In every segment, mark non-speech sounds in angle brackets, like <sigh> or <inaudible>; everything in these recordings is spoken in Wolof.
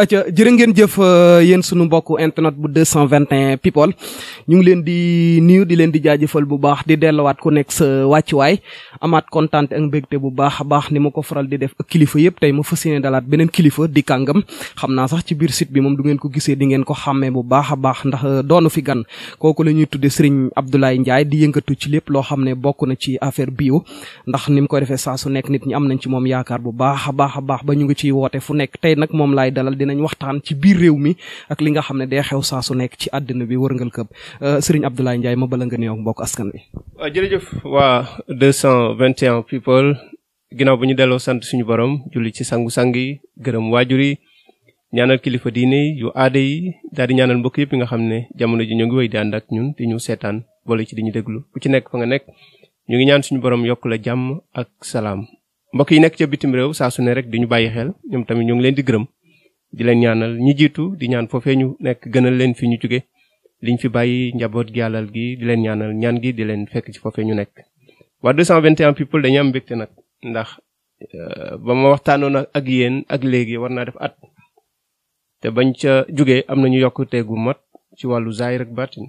aca jërë ngeen jëf euh, yéen sunu mbokk internet bu 221 people ñu ngi leen di nuyu di leen di jaajëfal bu baax di delluwaat ku nekk sa wàccuwaay amaat kontaan ak mbégte bu baax a baax ni ma ko faral di def ak kilifa yëpp tey ma fas yéene dalaat beneen kilifa di kàngam xam naa sax ci biir site bi moom du ngeen ko gisee di ngeen ko xàmmee bu baax a baax ndax euh, doonu fi gan kooku la ñuy tudde Serigne Abdoulaye njaay di yëngatu ci lépp loo xam ne bokk na ci affaire bio ndax ni mu koy defee saa su nekk nit ñi am ci moom yaakaar a a ba ñu dinañ waxtaan ci biir réew mi ak li nga xam ne day xew saa su nekk ci àddina bi wërngal këpp euh, sëriñ Abdoulaye Ndiaye ma bala nga nuyoo ak mbokk askan wi. waaw jëf waa 221 people ginnaaw bu ñu delloo sant suñu borom julli ci sangu-sang yi gërëm waajur yi ñaanal kilifa diine yu aada yi daal ñaanal mbokk yëpp yi nga xam ne jamono ji ñu ngi wéy di ànd ak ñun di ñu seetaan boole ci di ñu déglu ku ci nekk fa nga nekk ñu ngi ñaan suñu borom yokk la jàmm ak salaam. mbokk yi nekk ca bitim réew saa su ne rek di ñu bàyyi xel ñoom tamit ñu ngi di gërëm di leen ñaanal ñi jiitu di ñaan foofee ñu nekk gënal leen fi ñu jóge liñ fi bàyyi njaboot gi alal gi di leen ñaanal ñaan gi di leen fekk ci foofee ñu nekk. waa 221 people dañu am mbégte nag ndax euh, ba ma waxtaanoon ak yéen ak léegi war naa def at te bañ ca jóge am nañu yokkute gu mat ci wàllu zaahir ak baatin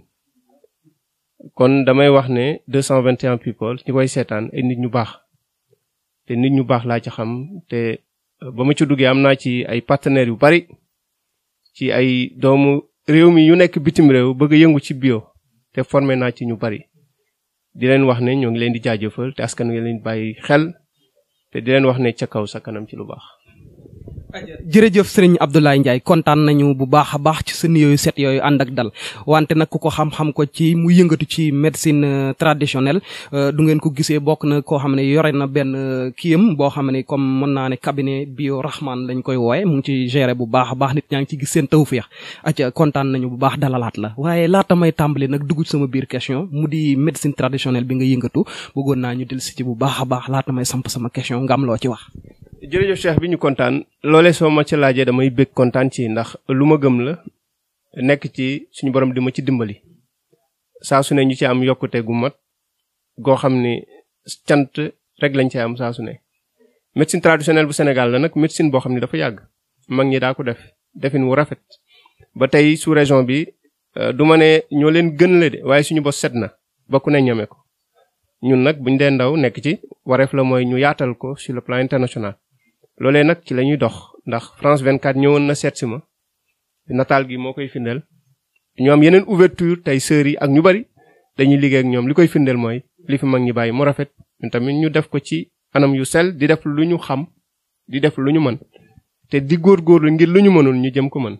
kon damay wax ne 221 people ñi koy seetaan ay nit ñu baax te nit ñu baax laa ci xam te. ba ma ci duggee am naa ci ay partenaires yu bari ci ay doomu réew mi yu nekk bitim réew bëgg yëngu ci bio te formé naa ci ñu bari di leen wax ne ñoo ngi leen di jaajëfal te askan wi leen bàyyi xel te di leen wax ne ca kaw sa kanam ci lu baax jërëjëf sëriñ Abdoulaye Ndiaye kontaan nañu bu baax a baax ci sa nuyoo yu set yooyu ànd ak dal wante nag ku ko xam-xam ko ci mu yëngatu ci médecine euh, traditionnel euh, du ngeen ko gisee bokk na koo xam ne yore na benn euh, kiyam boo xam ne comme mën naa ne cabinet bio rahman lañ koy wooye mu ngi ci gere bu baax a baax nit ñaa ngi ci gis seen tawféex acca kontaan nañu bu baax dalalaat la waaye laata may tàmbali nag dugg sama biir question mu di médecine traditionnelle bi nga yëngatu bëggoon naa ñu dellu si ci bu baax a baax laata may samp sama question nga loo ci wax jërëjëf cheikh bi ñu kontaan loole soo ma ci laajee damay bég kontaan ci ndax lu ma gëm la nekk ci suñu borom di ma ci dimbali saa su ne ñu ci am yokkute gu mat goo xam ni cant rek lañ ci am saa su ne. médecine traditionnelle bu Sénégal la nag médecine boo xam ne dafa yàgg mag ñi daa ko def defin wu rafet ba tey su région bi euh, du ma ne ñoo leen gën la de waaye suñu bos set na ba ku ne ñeme ko ñun nag buñ dee ndaw nekk ci wareef la mooy ñu yaatal ko sur le plan international. loolee nag ci la ñuy dox ndax France 24 ñëwoon na seet si ma nataal gi moo koy findeel ñoom yeneen ouverture tey sœurs yi ak ñu bari dañuy liggéey ak ñoom li koy findeel mooy li fi mag ñi bàyyi mu rafet tamit ñu def ko ci anam yu sel di def lu ñu xam di def lu ñu mën te di góor góorgóorlu ngir lu ñu mënul ñu jëm ko mën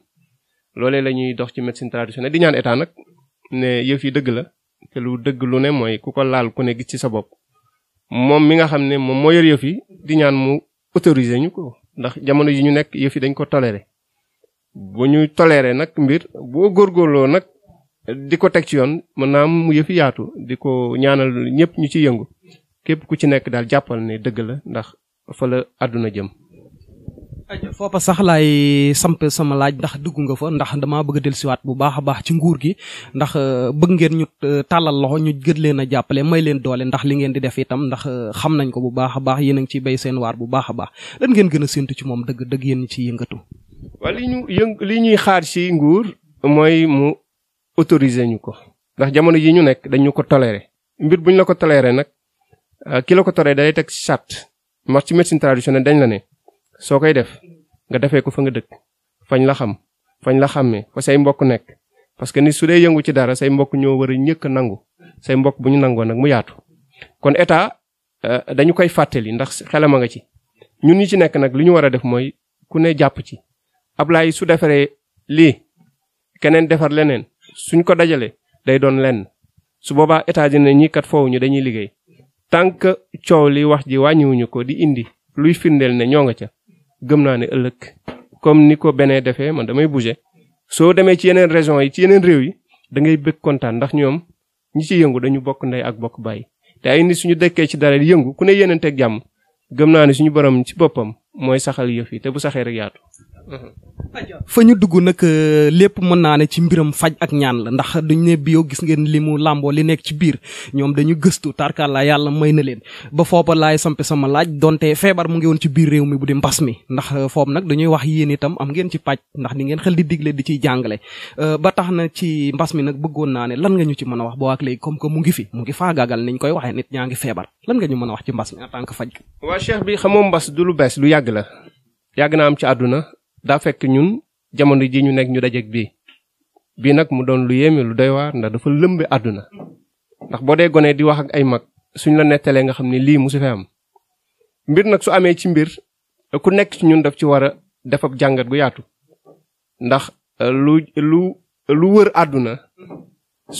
loole lañuy dox ci médecine traditionnelle di ñaan état nag ne yëf yi dëgg la te lu dëgg lu ne mooy ku ko laal ku ne gis ci sa bopp moom autorisé ñu ko ndax jamono yi ñu nekk yëf dañ ko toléré bu ñu toléré nag mbir boo góorgóorloo nag di ko teg ci yoon mën naa am yëf yi yaatu di ko ñaanal ñëpp ñu ci yëngu képp ku ci nekk daal jàppal ne dëgg la ndax fa la àdduna jëm. foofa sax laay samp sama laaj ndax dugg nga fa ndax damaa bëgg a dellusiwaat bu baax a baax ci nguur gi ndax euh, bëgg ngeen ñu euh, tàllal loxo ñu gën leen a jàppale may leen doole ndax li ngeen di def itam ndax euh, xam nañ ko bu baax a baax yéen a ngi ciy béy seen waar bu baax a baax lan ngeen gën a séntu ci moom dëgg dëgg yéen ci yëngatu. waaw li ñu ñuy xaar ci nguur mooy mu autoriser ñu ko ndax jamono ji ñu nekk dañu ko toléré mbir buñ la ko toléré nag ki la ko toléré day teg charte marche ci médecine traditionnelle dañ la ne soo koy def nga defee ko fa nga dëkk fañ la xam fañ la xàmmee fa say mbokk nekk parce que nit su dee yëngu ci dara say mbokk ñoo war a ñëkk nangu say mbokk bu ñu nangoon nag mu yaatu kon état euh, dañu koy fàttali ndax xelama nga ci ñun ñi ci nekk nag li ñu war a def mooy ku ne jàpp ci Ablaye su defaree lii keneen defar leneen suñ ko dajalee day doon lenn su boobaa état dina ñi kat foofu ñu dañuy liggéey tant que coow li wax ji wàññiwuñu ko di indi luy findeel ne ñoo nga ca gëm naa ne ëllëg comme ni ko benee defee man damay bouger soo demee ci yeneen régions yi ci yeneen réew yi da ngay bëgg kontaan ndax ñoom ñi ci yëngu dañu bokk ndey ak bokk bàyyi te ay nit suñu dekkee ci dara yëngu ku ne yeneen teg jàmm gëm naa ne suñu borom ci boppam mooy saxal yëf yi te bu saxee rek yaatu fa ñu dugg nag euh, lépp mën naa ne ci mbiram faj ak ñaan la ndax duñ ne bio gis ngeen li mu làmboo li nekk ci biir ñoom dañu gëstu tarkalla yàlla may na leen ba foofa laay sampe sama laaj donte feebar mu ngi woon ci biir réew mi bu di mbas mi ndax euh, foofu nag dañuy wax yéen tam am ngeen ci pàcc ndax di ngeen xel di digle di ci jàngale euh, ba tax na ci mbas mi nag bëggoon naa ne lan nga ñu ci mën a wax boo ak léegi comme que mu ngi fi mu ngi faagaagal niñ koy waxee nit ñaa ngi feebar lan nga ñu mën a wax ci mbas mi lu yàgg la ci àdduna daa fekk ñun jamono ji ñu nekk ñu dajeeg bii bii nag mu doon lu yéeme lu doy waar ndax dafa lëmbe àdduna ndax boo dee gone di wax ak ay mag suñ la nettalee nga xam ne lii musu fee am mbir nag su amee ci mbir ku nekk ci ñun daf ci war a def ab jàngat gu yaatu ndax euh, lu lu wër àdduna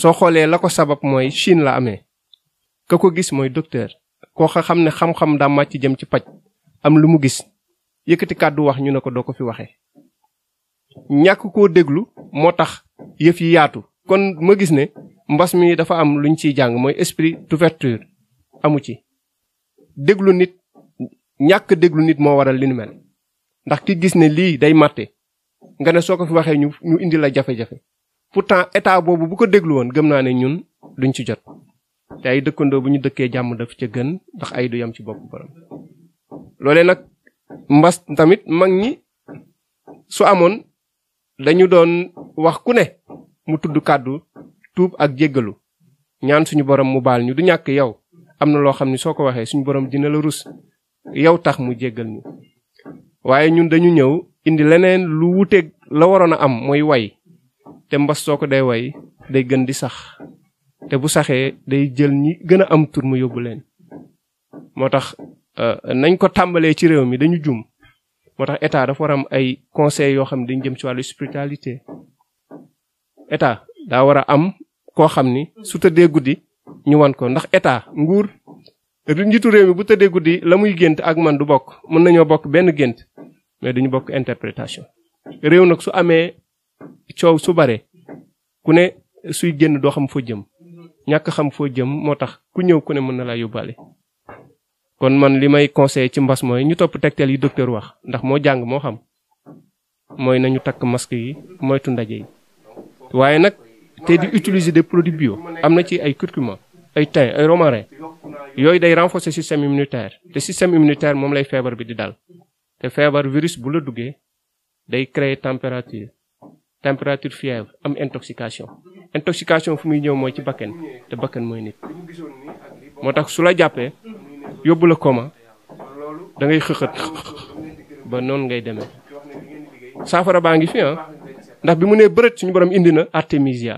soo xoolee la ko sabab mooy Chine la amee ka ko gis mooy docteur koo xam ne xam-xam daa màcc jëm ci paj am lu mu gis yëkkati kàddu wax ñu ne ko doo ko fi waxe ñàkk koo déglu moo tax yëf yi yaatu kon ma gis ne mbas mi dafa am luñ ciy jàng mooy esprit d'ouverture amu ci déglu nit ñàkk déglu nit moo waral li nu mel ndax ki gis ne lii day màtte nga ne soo ko fi waxee ñu ñu indi la jafe-jafe pourtant état boobu bu ko déglu woon gëm naa ne ñun duñ ci jot te ay dëkkandoo bu ñu dëkkee jàmm daf ca gën ndax ay du yam ci bopp borom loolee nag mbas tamit mag ñi su amoon dañu doon wax ku ne mu tudd kàddu tuub ak jéggalu ñaan suñu borom mu baal ñu du ñàkk yow am na loo xam ne soo ko waxee suñu borom dina la rus yow tax mu jéggal ñu waaye ñun dañu ñëw indi leneen lu wuteeg la waroon a am mooy way te mbas soo ko day way day gën di sax te bu saxee day jël ñi gën a am tur mu yóbbu leen moo tax Euh, nañ ko tàmbalee ci réew mi dañu jum moo tax état dafa war am ay conseils yoo xam ne dañ jëm ci wàllu spiritualité état daa war a am koo xam ni su tëddee guddi ñu wan ko ndax état nguur njiitu réew mi bu tëddee guddi la muy gént ak man du bokk mën nañoo bokk benn gént mais duñu bokk interprétation réew nag su amee coow su bare ku ne suy génn doo xam foo jëm ñàkk xam foo jëm moo tax ku ñëw ku ne mën na laa yóbbaale kon man li may conseil ci mbas mooy ñu topp tegteel yi docteur wax ndax moo jàng moo xam mooy nañu takk masque yi moytu ndaje yi waaye nag te di utiliser des produits bio am na ci ay curcuma ay thym ay romarin yooyu day renforcer système immunitaire te système immunitaire moom lay feebar bi di dal te feebar virus bu la duggee day crée température température fièvre am intoxication intoxication fu muy ñëw mooy ci bakken te bakken mooy nit moo tax yóbbu la coma dangay ngay ba noonu ngay deme saafara baa ngi fi ah ndax bi mu nee bërët suñu borom indi na artemisia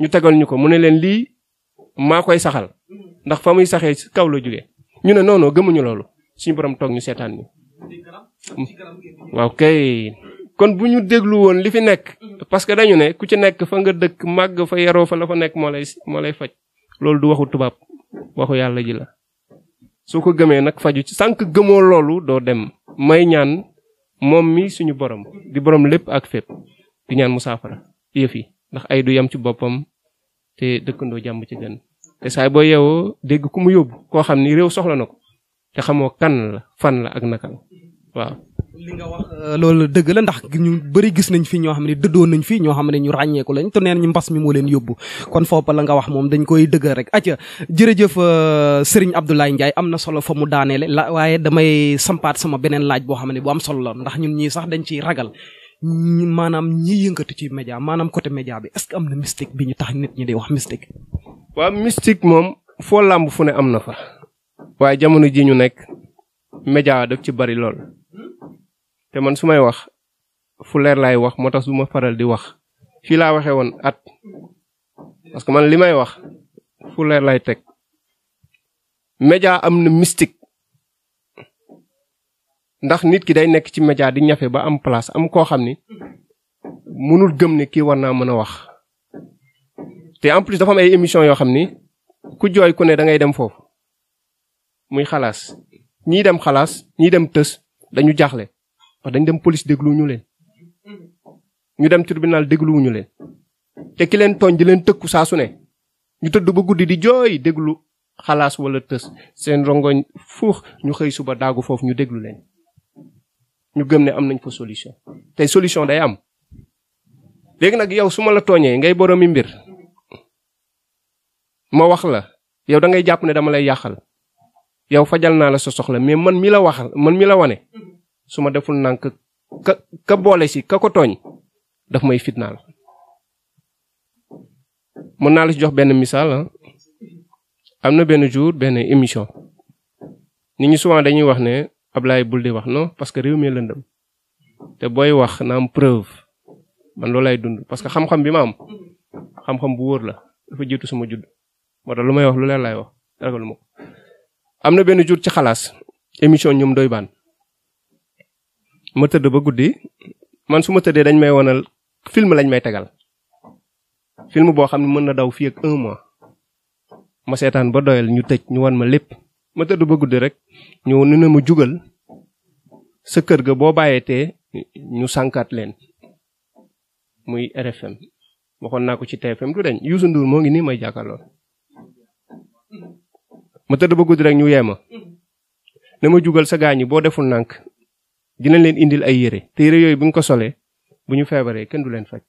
ñu tegal ñu ko mu ne leen lii maa koy saxal ndax fa muy saxee ci kaw la jóge ñu ne noonu gëmuñu loolu suñu borom toog ñu seetaan ñu waaw kay kon bu ñu déglu woon li fi nekk parce que dañu ne ku ci nekk fa nga dëkk màgg fa yaroo fa la fa nekk moo lay moo lay faj loolu du waxu tubaab waxu yàlla ji la soo ko gëmee nag faju ci sànq gëmoo loolu doo dem may ñaan moom mi suñu borom di borom lépp ak fépp di ñaan musaafara yëf yi ndax ay du yam ci boppam te dëkkandoo jàmm ci gën te saay boo yeewoo dégg ku mu yóbbu koo xam ni réew soxla na ko te xamoo kan la fan la ak naka la waaw li nga wax euh, loolu dëgg la ndax ñu bëri gis nañ fi ñoo xam ne dëddoon nañ fi ñoo xam ne ñu ràññeeku lañ te neen ñu mbas mi moo leen yóbbu kon foofa la nga wax moom dañ koy dëggal rek acca jërëjëf euh, Serigne Abdoulaye Ndiaye am na solo fa mu daaneele la waaye damay sampaat sama beneen laaj boo xam ne boo am solo la ndax ñun ñii sax dañ ciy ragal maanaam ñi yëngatu ci média maanaam côté média bi est-ce que am na mystique bi ñu tax nit ñi di wax mystique. waaw mystique moom foo làmb fu ne am na fa waaye jamono ji ñu nekk média daf ci bari lool te man su may wax fu leer laay wax moo tax du ma faral di wax fii laa waxee woon at parce que man li may wax fu leer lay teg média am na mystique ndax nit ki day nekk ci média di ñafe ba am place am koo xam ni mënul gëm ni kii war naa mën a wax te en plus dafa am ay émission yoo xam ni ku jooy ku ne da ngay dem foofu muy xalaas ñii dem xalaas ñii dem tës dañu jaaxle wax dañ dem police dégluwuñu leen ñu dem tribunal dégluwuñu leen te ki leen tooñ di leen tëkku saa su ne ñu tëdd ba guddi di jooy déglu xalaas walla tës seen rongoñ fuux ñu xëy suba daagu foofu ñu déglu leen ñu gëm ne am nañ fa solution te solution day am léegi nag yow su ma la tooñee ngay boroomi mbir ma wax la yow da ngay jàpp ne dama lay yàqal yow fajal naa la sa soxla mais man mi la waxal man mi la wane su ma deful nànk ka ka boole si ka ko tooñ daf may fitnaal mën naa la si jox benn misaal ah. am na benn jour benn émission nit ñi souvent dañuy wax ne Ablaye bul di wax non parce que réew mi lëndëm te booy wax naam am man loolu lay dund parce que xam-xam bi ma am xam-xam bu wóor la dafa jiitu suma judd moo lu may wax lu leen laay wax am na benn jour ci xalaas émission ñoom doy baan ma tëdd ba guddi man su ma tëddee dañ may wonal film lañ may tegal film boo xam ne mën na daw fii ak un mois ma seetaan ba doyal ñu tëj ñu wan ma lépp ma tëdd ba guddi rek ma jugal kër ga boo bàyyee tee ñu sànkaat leen muy RFM waxoon naa ko ci TFM du dañ Youssou Ndour moo ngi nii may jàkkaarloo ma tëdd ba guddi rek ñu yee ma ne ma jugal sa gaañi boo deful nànk dinañ leen indil ay yére te yére yooyu bu ñu ko solee bu ñu feebaree kenn du leen faj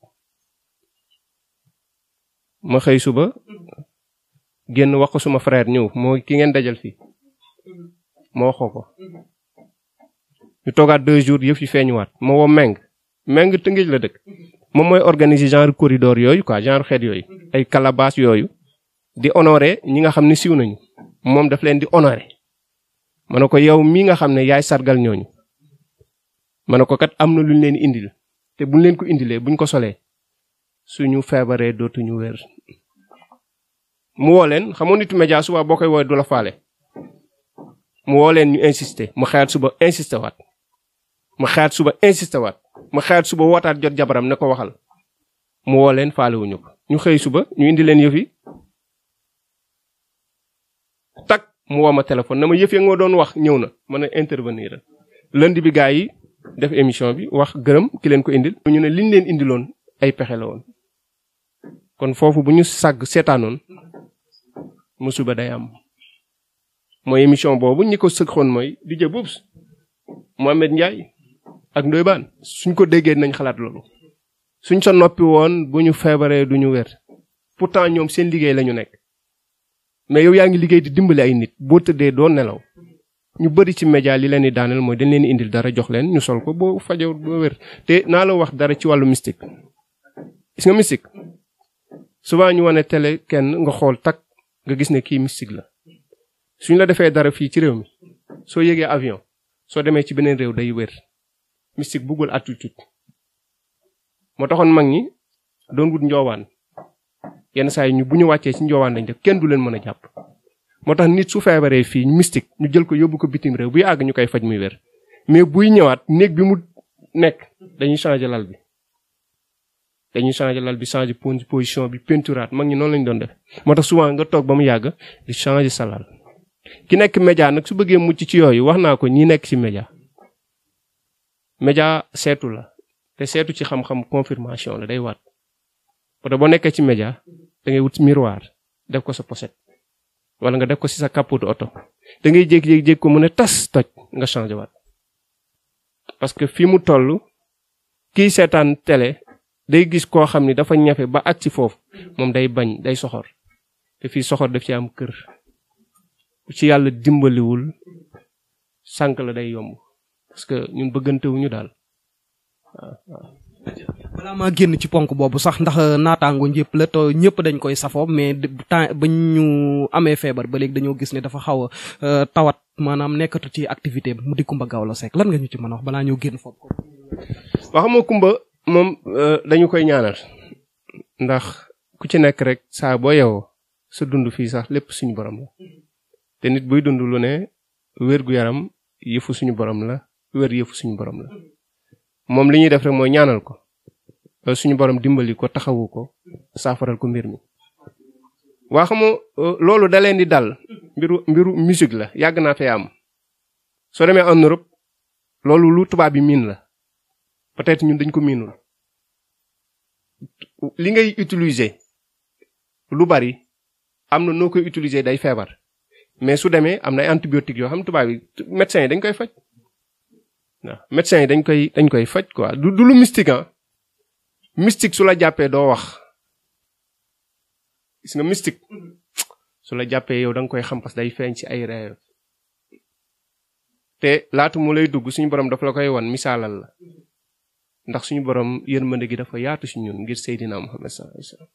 ma xëy suba génn wax ko suma frère ñëw moo ki ngeen dajal fii ma wax ko ko ñu toogaat deux jours yëf yi feeñuwaat ma woo meng meng tëngéej la dëkk moom mooy organiser genre corridor yooyu quoi genre xeet yooyu ay calebasse yooyu di honorer ñi nga xam ne siiw nañu moom daf leen di honorer ma ne ko yow mii nga xam ne yaay sargal ñooñu ma ne ko kat am na lu ñu leen indil te buñ leen ko indilee bu ñu ko solee su ñu feebaree dootuñu wér. mu woo leen xamoo nitu média suba boo koy woowee du la faale mu woo leen ñu insister mu xayaat suba insister waat mu xayaat suba insister waat mu xayaat suba wootaat jot jabaram ne ko waxal mu woo leen faale wuñu ko ñu xëy suba ñu indi leen yëf yi tak mu wooma ma na ma yëf ya nga doon wax ñëw na mën a intervenir lundi bi gaa yi def émission bi wax gërëm ki leen ko indil. ñu ne liñ leen indiloon ay pexe la woon kon foofu bu ñu sàgg seetaanoon musiba day am mooy émission boobu ñi ko sëqoon mooy DJ Boubs Mohamed Ndiaye ak Ndoye Bane suñ ko déggee nañ xalaat loolu suñ sa noppi woon bu ñu feebaree du ñu wér pourtant ñoom seen liggéey lañu nekk mais yow yaa ngi liggéey di dimbali ay nit boo tëddee doo nelaw ñu bëri ci média yi leen di daaneel mooy dañ leen di indil dara jox leen ñu sol ko boo fajoo boo wér te naa la wax dara ci wàllu mystique. gis nga mystique souvent ñu wane télé kenn nga xool takk nga gis ne kii mystique la suñ la defee dara fii ci réew mi soo yëgee avion soo demee ci beneen réew day wér mystique buggul attitude moo taxoon mag ñi doon wut njoowaan yenn saa yi ñu bu ñu wàccee ci njoowaan lañ def kenn du leen mën a jàpp. moo tax nit su feebaree fii mystique ñu jël ko yóbbu ko bitim réew buy àgg ñu koy faj muy wér mais buy ñëwaat néeg bi mu nekk dañuy changer lal bi dañuy changer lal bi changer position bi peinturaat mag ñi noonu lañu doon def moo tax souvent nga toog ba yàgg di sa lal ki nekk média nag su bëggee mucc ci yooyu wax naa ko ñi nekk ci média média seetu la te seetu ci xam-xam confirmation la day waat parce que boo nekkee ci média da ngay wut miroir def ko sa poset wala nga def ko ci sa capot oto da ngay jékki-jékki ko mu ne tas toj nga changé waat parce que fi mu toll kii seetaan télé day gis koo xam ni dafa ñafe ba ak ci foofu moom day bañ day soxor te fii soxor daf ci am kër ku ci yàlla dimbaliwul sànq la day yomb parce que ñun bëggantewuñu daal balaa maa génn ci ponk boobu sax ndax euh, naataango njëpp la to ñëpp dañ koy safoo mais temps ba ñu amee feebar ba léegi dañoo gis ne dafa xaw a euh, tawat maanaam nekkatu ci activité mu di gaaw la seek lan nga ñu ci mën a wax balaa ñoo génn foofu. waaw moom euh, dañu koy ñaanal ndax ku ci nekk rek saa boo yeewoo sa dund fii sax lépp suñu borom la te nit buy dund lu ne wér gu yaram yëfu suñu borom la wér yëfu suñu borom la. moom li ñuy def rek mooy ñaanal ko suñu borom dimbali ko taxawu ko saafaral ko mbir mi. waa xam euh, loolu da leen di dal mbiru mbiru musique la yàgg naa fee am soo demee en loolu lu tubaab bi miin la peut-être ñun dañ ko miinul li ngay utiliser lu bari am na noo koy utiliser day feebar mais su demee am na ay antibiotiques yoo xam tubaab yi médecins yi dañ koy faj waaw médecins yi dañ koy dañ koy faj quoi du du lu mystique ah su la jàppee doo wax gis nga mistik su la jàppee yow da nga koy xam parce que day feeñ ci ay reew te laatu mu lay dugg suñu borom dafa la koy wan misaalal la ndax suñu borom yërmande gi dafa yaatu si ñun ngir Seydina Muhammad sallallahu alayhi wasallam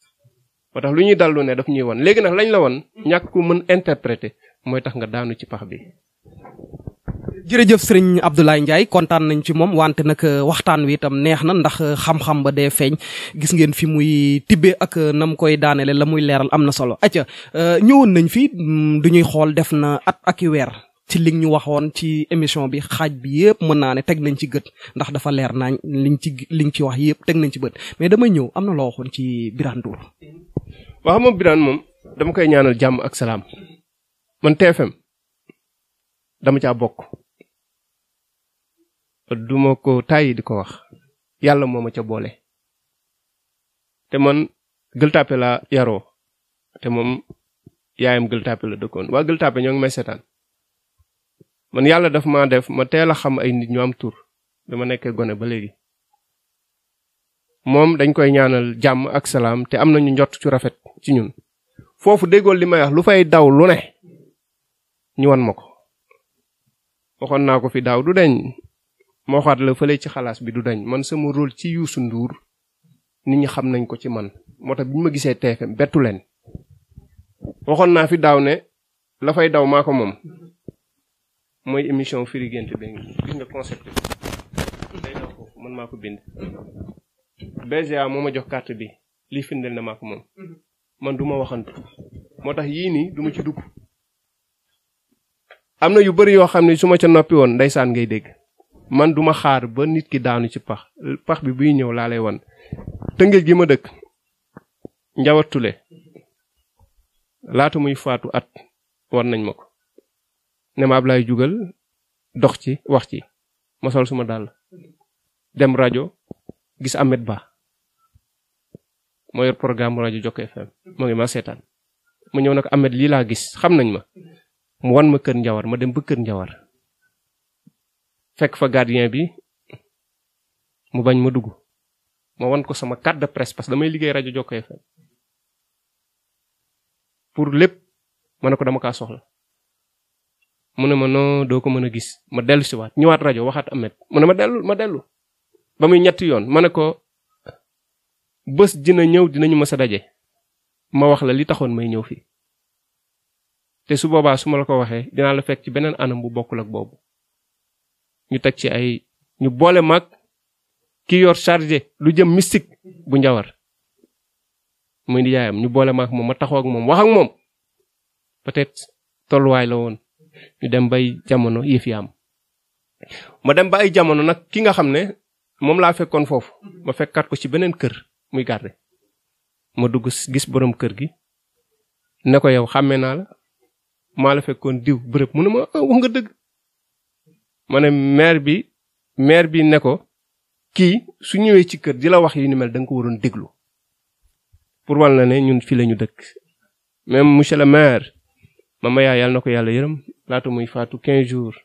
tax lu ñuy dallu ne daf ñuy wan léegi nag lañ la wan ñàkk mën interpréter mooy tax nga daanu ci pax bi jërëjëf sëriñ Abdoulaye Ndiaye kontaan nañ ci moom wante nag euh, waxtaan wi itam neex na ndax euh, xam-xam ba dee feeñ gis ngeen fi muy tibbe ak euh, na koy daanele la muy leeral am na solo acca ñëwoon nañ fi mm, du ñuy xool def na at ak i weer ci li ñu waxoon ci émission bi xaaj bi yëpp mën naa ne teg nañ ci gët ndax dafa leer naañ liñ ci liñ ci wax yëpp teg nañ ci bët mais damay ñëw am na loo waxoon ci Birane Ndour. waaw moom Birane moom dama koy ñaanal jàmm ak salaam man TFM duma ko tàyyi di ko wax yàlla moom ma ca boole te man gëltaape laa yaroo te moom yaayam gëltaape la dëkkoon waa gëltaape ñoo ngi may seetaan man yàlla daf ma def ma teel a xam ay nit ñu am tur bi ma nekkee gone ba léegi moom dañ koy ñaanal jàmm ak salaam te am nañu njott ci rafet ci ñun foofu déggool li may wax lu fay daw lu ne ñu wan ma ko waxoon naa ko fi daaw du deñ moo waxaat la fële ci xalaas bi du dañ man sama rôle ci Youssou Ndour nit ñi xam nañ ko ci man moo tax bi ma gisee TFM bettu leen waxoon naa fi daaw ne la fay daw maa ko moom mooy émission firi génte bi man maa ko bind BGA moo ma jox kart bi lii findel na maa ko moom man du ma waxantu moo tax yii nii du ci dugg am na yu bari yoo xam ne su ma ca noppi woon ndeysaan ngay dégg man duma xaar ba nit ki daanu ci pax pax bi buy ñëw laa lay wan tëngéej gi ma dëkk njawatule laata muy faatu at wan nañ ma ko ne ma Ablaye jugal dox ci wax ci ma sol suma dàll dem rajo gis Ahmed Ba moo yor programme rajo Jokko FM moo ngi ma seetaan ma ñëw nag Ahmed lii laa gis xam nañ ma mu wan ma kër njawar ma dem ba kër njawar fekk fa gardien bi mu bañ ma dugg ma wan ko sama carte de presse parce que damay liggéey rajo Jokkoo FM pour lépp ma ne ko dama kaa soxla mu ne ma non doo ko mën a gis ma dellu si waat ñëwaat rajo waxaat amet mu ne ma dellu ma dellu ba muy ñetti yoon ma ne ko bës dina ñëw dinañu ma sa daje ma wax la li taxoon may ñëw fii te su boobaa su ma la ko waxee dinaa la fekk ci beneen anam bu bokkul ak boobu ñu teg ci ay ñu boole mag ki yor chargé lu jëm mystique bu njawar muy di yaayam ñu boole maak moom ma taxoo ak moom wax ak moom peut-être tolluwaay la woon ñu dem bay jamono yëf yi am ma dem ba ay jamono nag ki nga xam ne moom laa fekkoon foofu ma fekkaat ko ci beneen kër muy garde ma dugg gis borom kër gi ne ko yow xàmmee naa la maa la fekkoon diw bërëb mu ne ma ah, wax nga dëgg ma ne maire bi maire bi ne ko kii su ñëwee ci kër di la wax yu ni mel da nga ko waroon déglu pour wal na ne ñun fii la ñu dëkk même monsieur le maire mama yaa yàlla na ko yàlla yërëm laata muy faatu 15 jours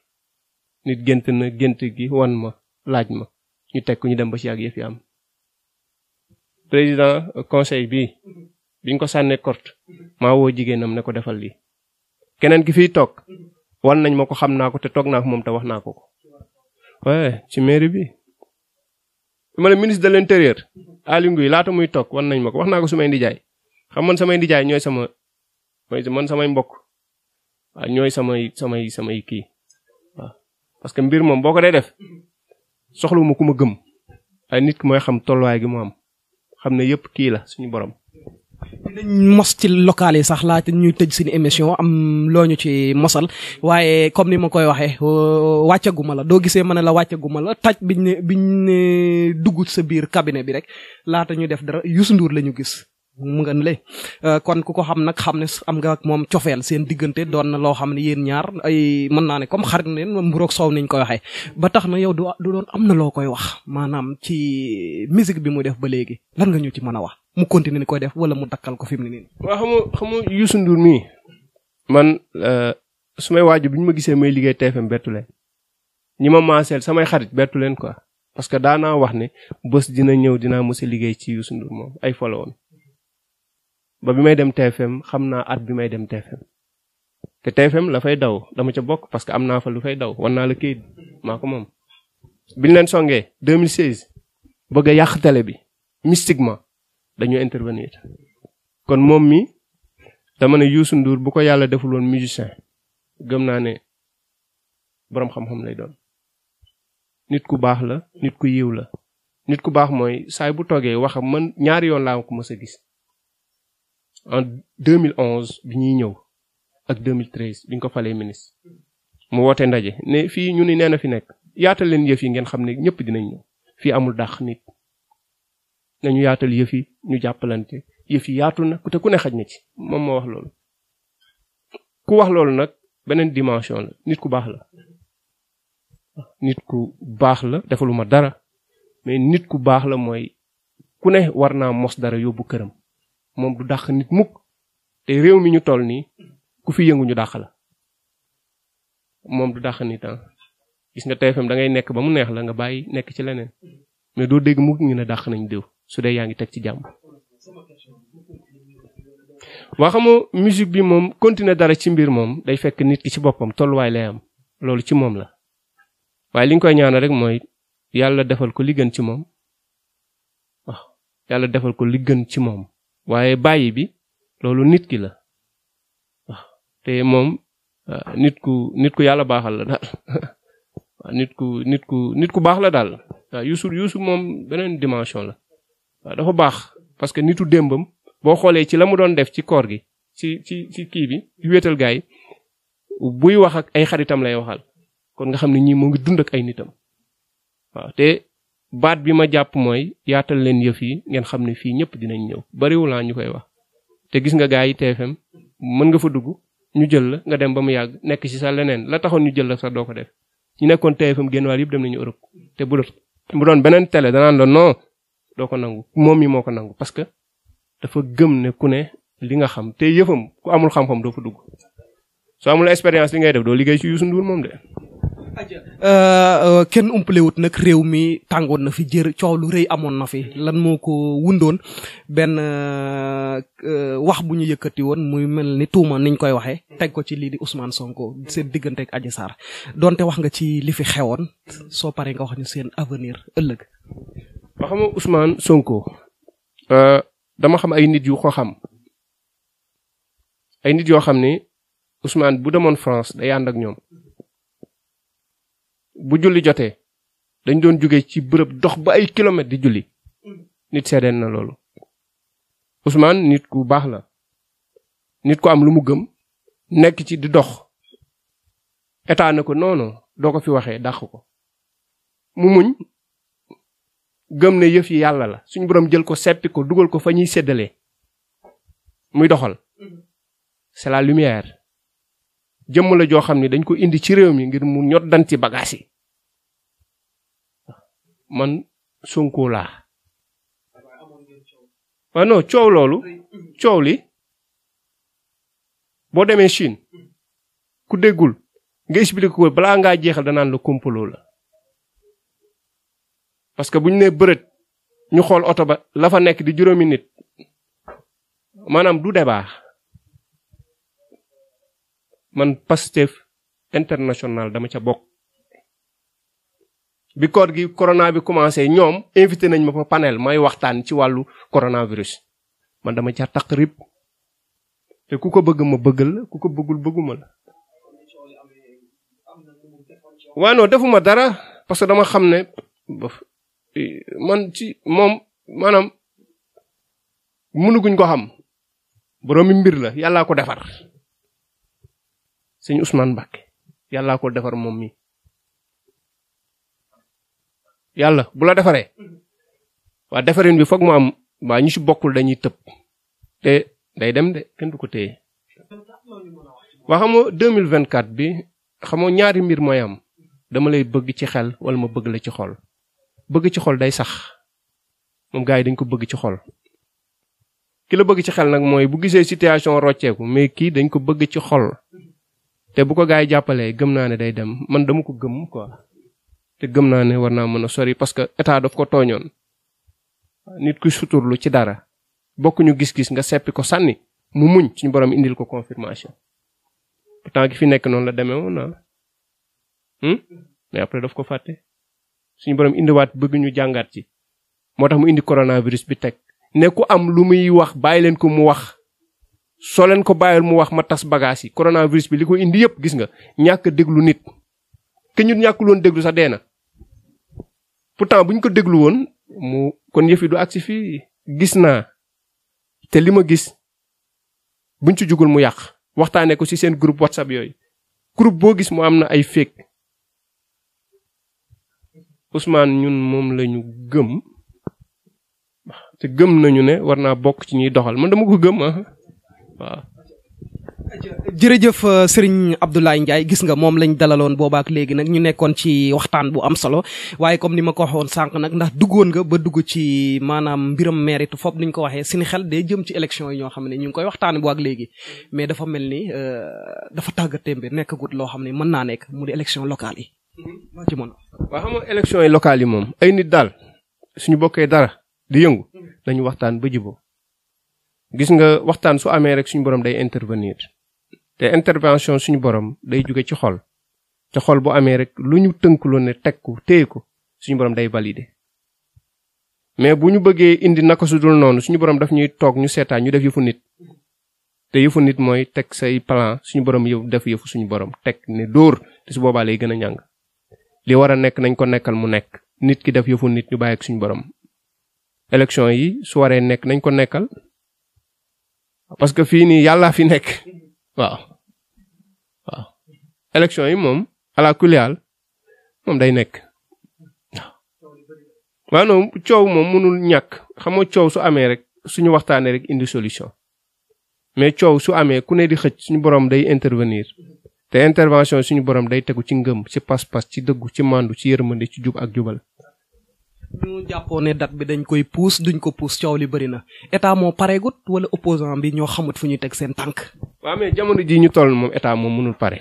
nit gént na gént gi wan ma laaj ma ñu teg ñu dem ba ci yàgg yëf yi am président euh, conseil bi biñ ko sànnee korte maa woo jigéenam ne ko defal lii keneen ki fiy toog wan nañ ma ko xam naa ko te toog naa moom te wax naa ko ko waaye ci mairie bi ma ne ministre de l'intérieur Aly Ngouille laata muy toog wan nañ ma ko wax naa ko sumay ndijaay xam man samay ndijaay ñooy sama man samay mbokk waaw ñooy samay samay samay kii paska mbir moom boo ko dee def soxlawuma ku ma gëm ay nit ki mooy xam tolluwaay gi mu am xam ne yëpp kii la suñu borom dañ mos ci yi sax laata ñuy tëj suñu émission am loo ñu ci mosal waaye comme ni ma koy waxee wàccaguma la doo gisee ma ne la wàccaguma la taj biñ ne biñ ne dugg sa biir cabinet bi rek laata ñu def dara Youssou Ndour la ñu gis. mu nga le euh, kon ku ko xam nag xam ne am nga ak moom cofeel seen diggante doon na loo xam ne yéen ñaar ay mën naa ne comme xarit neen mburoog soow niñ koy waxee ba tax na yow du doon am na loo koy wax maanaam ci musique bi mu def ba léegi lan nga ñu ci mën a wax. mu continuer ni koy def wala mu dakkal ko fi mu ne nii. waaw xam nga xam nga Youssou mii man euh, su may waaju bi ñu ma gisee may liggéey TFM bettu leen ñi ma maaseel samay xarit bertu leen ko parce que daanaa wax ne bës dina ñëw dinaa mos liggéey ci Youssou Ndour moom ay followoon ba bi may dem TFM xam naa at bi may dem TFM te TFM la fay daw dama ca bokk parce que am naa fa lu fay daw wan naa la kayit maa ko moom. biñ leen songee 2016 bëgg yàq tele bi mystiquement dañu intervenir kon moom mi dama ne Youssou Ndour bu ko yàlla defuloon musicien gëm naa ne boroom xam-xam lay doon nit ku baax la nit ku yiw la nit ku baax mooy saay bu toogee waxam man ñaari yoon laa ko mës a gis en 2011 bi ñuy ñëw ak 2013 bi ñu ko falee ministre mu woote ndaje ne fii ñu ni nee na fi nekk yaatal leen yëf yi ngeen xam ne ñëpp dinañ ñëw fii amul dàq nit nañu yaatal yëf yi ñu jàppalante yëf yi yaatu na ku te ku ne xaj na ci moom moo wax loolu ku wax loolu nag beneen dimension la nit ku baax la nit ku baax la defaluma dara mais nit ku baax la mooy ku ne war naa mos dara yóbbu këram moom du dàq nit mukk te réew mi ñu toll nii ku fi yëngu ñu dàq la moom du dàq nit ah gis nga TFM da ngay nekk ba mu neex la nga bàyyi nekk ci leneen mais doo dégg mukk ñu ne dàq nañ diw su dee yaa ngi teg ci jàmm. waa xam musique bi moom continuer dara ci mbir moom day fekk nit ki ci boppam tolluwaay lay am loolu ci moom la waaye li ñu koy ñaanal rek mooy yàlla defal ko li gën ci moom yàlla defal ko li gën ci moom waaye bàyyi bi loolu nit ki la te moom ah, nit ku nit ku yàlla baaxal la daal <laughs> nit ku nit ku nit ku baax la daal waaw Youssou moom beneen dimension la. dafa baax parce que nitu démbam boo xoolee ci la mu doon def ci koor gi ci ci kii bi ci wéetal gaa buy wax ak ay xaritam lay waxal kon nga xam ne ñii mu ngi dund ak ay nitam waaw te baat bi ma jàpp mooy yaatal leen yëf yi ngeen xam ne fii ñëpp dinañ ñëw bariwulaa ñu koy wax te gis nga gaa yi TFM mën nga fa dugg ñu jël la nga dem ba mu yàgg nekk ci sa leneen la taxoon ñu jël la sax doo ko def ñu nekkoon TFM génn waal yëpp dem nañu Europe te bu doo ko nangu moom mi moo ko nangu parce que dafa gëm ne ku ne li nga xam te yëfam ku amul xam-xam doo fa dugg soo amul expérience li ngay def doo liggéey ci Youssou Ndour moom de. Euh, euh, kenn umpale wut nag réew mi tàngoon na fi jër coow lu rëy amoon na fi lan moo ko wundoon benn euh, wax bu ñu yëkkati woon muy mel ni tuuma niñ koy waxee teg ko ci lii di Ousmane Sonko seen diggante ak Adji donte wax nga ci li fi xewoon soo paree nga wax ñu seen avenir ëllëg. waa xam nga Ousmane Sonko euh, dama xam ay nit yu ko xam ay nit yoo xam ni usmaan bu demoon France day yànd ak ñoom bu julli jotee dañ doon jóge ci bërëb dox ba ay kilomètres di julli nit seedeen na loolu Ousmane nit ku baax la nit ku am lu mu gëm nekk ci di dox état ko non doo ko fi waxee dàq ko mu muñ gëm ne yëf yi yàlla la suñ borom jël ko seppi ko dugal ko fa ñuy seddalee muy doxal c'est la lumière jëmm la joo xam ne dañ ko indi ci réew mi ngir mu ñot danti bagages yi man Sonko laa waaw ah non coow loolu coow li boo demee Chine ku déggul nga expliqué ko balaa ngaa jeexal danaan la complot la parce que bu ñu nee bërët ñu xool oto ba la fa nekk di juróomi nit maanaam du débat man Pastef international dama ca bokk. bi coor gi corona bi commencé ñoom invité nañ ma fa panel may waxtaan ci wàllu coronavirus man dama ca taq rib te ku ko bëgg ma bëggal la ku ko bëggul bëgguma la. waaw non defuma dara parce que dama xam ne man ci moom maanaam mënuguñ ko xam boroomi mbir la yàllaa ko defar sëñ Ousmane Mbacke yàllaa ko defar moom mi yàlla bu la defaree waa defarin bi foog mu am waa ñu si bokkul dañuy tëb te day dem de kenn du ko téye waa xam nga bi xam nga ñaari mbir mooy am dama lay bëgg ci xel wala ma bëgg la ci xol bëgg ci xol day sax moom gars yi dañ ko bëgg ci xol. ki la bëgg ci xel nag mooy bu gisee situation rocceeku mais kii dañ ko bëgg ci xol te bu ko gaa yi jàppalee gëm naa ne day dem man dama ko gëm ko te gëm naa ne war naa mën a sori parce que état daf ko tooñoon. nit ku suturlu ci dara bokkuñu gis-gis nga seppi ko sànni mu muñ ci ñu borom indil ko confirmation pourtant ki fi nekk noonu la demee woon ah hmm? mais après daf ko fàtte. suñu borom indiwaat bëgg ñu jàngaat ci moo tax mu indi coronavirus bi teg ne ku am lu muy wax bàyyi leen ko mu wax soo leen ko bàyyil mu wax ma tas bagage yi coronavirus bi li ko indi yépp gis nga ñàkk déglu nit ke ñun ñàkkuloon déglu sa dee na pourtant bu ñu ko déglu woon mu kon yëf yi du agsi fii gis naa te li ma gis buñ ci jugul mu yàq waxtaanee ko ci seen groupe whatsapp yooyu groupe boo gis mu am na ay fake Ousmane ñun moom lañu gëm te gëm nañu ne war naa bokk ci ñuy doxal man dama ko gëm ah waaw. jërëjëf euh, sëriñ Abdoulaye Ndiaye gis nga moom lañ dalaloon boobaak léegi nag ñu nekkoon ci waxtaan bu am solo waaye comme ni ma ko waxoon sànq nag ndax duggoon nga ba dugg ci maanaam mbiram mérite foofu ni ñu ko waxee si ni xel day jëm ci élection yi ñoo xam ne ñu ngi koy waxtaan bu ak léegi mais dafa mel ni euh, dafa tàggatémbe nekkagut loo xam ne mën naa nekk mu di élection yi maa ci mën yi locales yi moom ay nit daal suñu bokkee dara di yëngu mm. dañu waxtaan ba jiboo gis nga waxtaan su amee rek suñu borom day intervenir te intervention suñu borom day jóge ci xol te xol bu amee rek lu ñu tënk tënkuloo ne teg ko téye ko suñu borom day valider mais bu ñu bëggee indi naka su dul noonu suñu borom daf ñuy toog ñu seetaan ñu def yëfu nit te yëfu nit mooy teg say plan suñu borom yëf def yëfu suñu borom teg ne dóor te su boobaa lay gën a ñàng li war a nekk nañ ko nekkal mu nekk nit ki def yëfu nit ñu bàyyi ak suñu borom élection yi su waree nekk nañ ko nekkal parce que fii nii yàllaa fi nekk waaw waaw yi moom ala kulial moom day nekk waaw non coow moom mënul ñàkk xam nga coow su amee rek suñu waxtaanee rek indi solution mais coow su amee ku ne di xëcc suñu borom day intervenir te intervention suñu borom day tegu ci ngëm ci pas-pas ci dëggu ci màndu ci yërmande ci jub ak jubal. ñu jàppoo ne bi dañ koy puus duñ ko puus coow li bëri na état moo pareegut wala opposant bi ñoo xamut fu ñuy teg seen tànk. waaw mais jamono ji ñu toll moom état moom mënul pare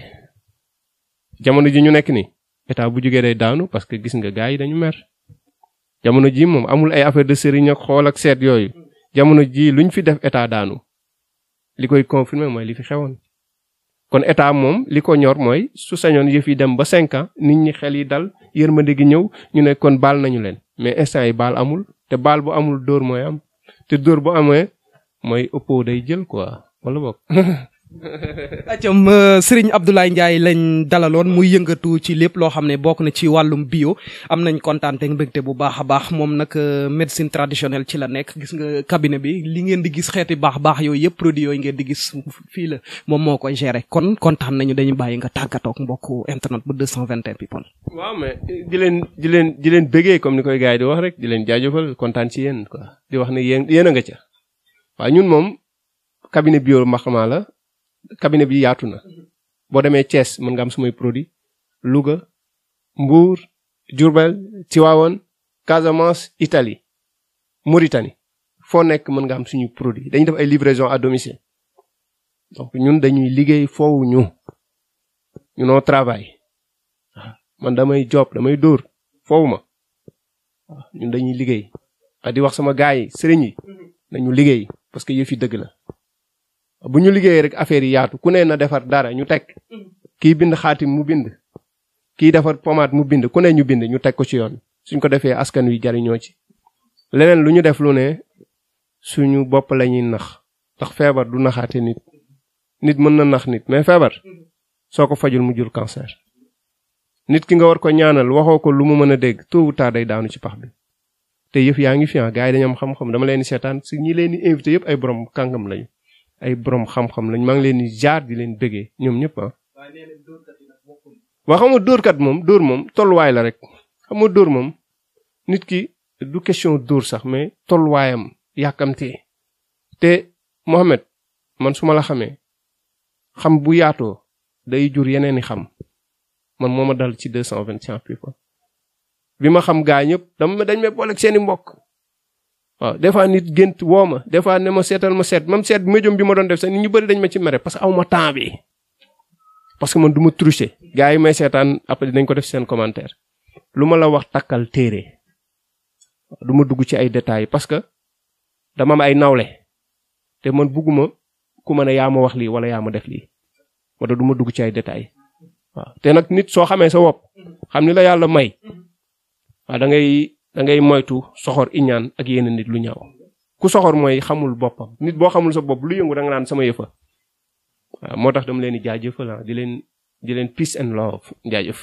jamono ji ñu nekk ni état bu jógee day daanu parce que gis nga gars yi dañu mer jamono ji moom amul ay affaire de sériñ ak xool ak seet yooyu jamono ji luñ fi def état daanu li koy confirmer mooy li fi xewoon. kon état moom li ko ñor mooy su sañoon yëf yi dem ba cinq nit ñi xel yi dal yërmande gi ñëw ñu ne kon baal nañu leen mais instant yi baal amul te baal bu amul dóor mooy am te dóor bu amee mooy ëppoo day jël quoi wala bokk <laughs> <laughs> acam euh, Serigne Abdoulaye Ndiaye lañ dalaloon muy yëngatu ci lépp loo xam ne bokk na ci wàllum bio am nañ kontaan ak mbégte bu baax a baax moom nag euh, médecine traditionnelle ci la nekk gis nga cabinet bi li ngeen di gis xeeti baax baax yooyu yëpp produit yooyu ngeen di gis fii la moom moo koy gérer kon kontaan nañu dañu bàyyi nga tàggatoog mbokk internet bu 221 people. waaw mais euh, di leen di leen di leen bëggee comme ni koy gars di wax rek di leen jaajëfal kontaan ci yéen quoi di wax ne yéen yéen nga ca waaye ñun moom cabinet bio Mbaxama la. cabinet bi yaatu na boo demee Thiès mën nga am sumay produit Louga Mbour Diourbel Tivaouane Casamance itali Mauritanie foo nekk mën nga am suñu produit dañuy def ay livraison à ñun dañuy liggéey foofu ñu ñunoo travail man damay job damay dóor foofu ma ñun dañuy liggéey a ah, di wax sama gars yi sëriñ yi mm-hmm. nañu liggéey parce que yëf yi dëgg la bu ñu liggéeyee rek affaire yaatu ku ne na defar dara ñu teg kii bind xaatim mu bind kii defar pomaat mu bind ku ne ñu bind ñu teg ko ci yoon suñ ko defee askan wi jariñoo ci leneen lu ñu def lu ne suñu bopp la ñuy nax ndax feebar du naxaate nit nit mën na nax nit mais feebar soo ko fajul mu jur cancer nit ki nga war ko ñaanal waxoo ko lu mu mën a dégg tôt ou tard day daanu ci pax bi te yëf yaa ngi fi ah gars yi xam-xam dama leen di seetaan si ñi leen di invité yëpp ay borom kàngam lañu ay boroom xam-xam lañ maa ngi leen di jaar di leen bëggee ñoom ñëpp a ah. waa xam dóorkat moom dóor moom tolluwaay la rek xam dóor moom nit ki du question dóor sax mais tolluwaayam yàkkamtee te Mohamed man su ma la xamee xam bu yaatoo day jur yeneen i xam man moo ma dal ci deux cent vingt-cinq bi ma xam gaa ñëpp dama dañ may booleeg seeni mbokk. waaw des fois nit gént woo ma des fois ne ma seetal ma seet même seet bi ma jëm bi ma doon def sax nit ñu bëri dañ ma ci mere parce que aw ma temps man du ma tricher gars yi may seetaan après dañ ko def seen commentaire lu ma la wax takkal téere du ma dugg ci ay détails parce que dama am ay nawle te man bugguma ku ma ne yaa ma wax lii wala yaa ma def lii moo tax dugg ci ay détails waaw nag nit soo xamee sa bopp xam ni la yàlla may waaw da dangay ngay moytu soxor iñaan ak yenn nit lu ñaw ku soxoor mooy xamul boppam nit boo xamul sa bopp lu yëngu da naan sama yëfa waaw moo tax dama leen di jaajëfal ah, di leen di leen peace and love jaajëf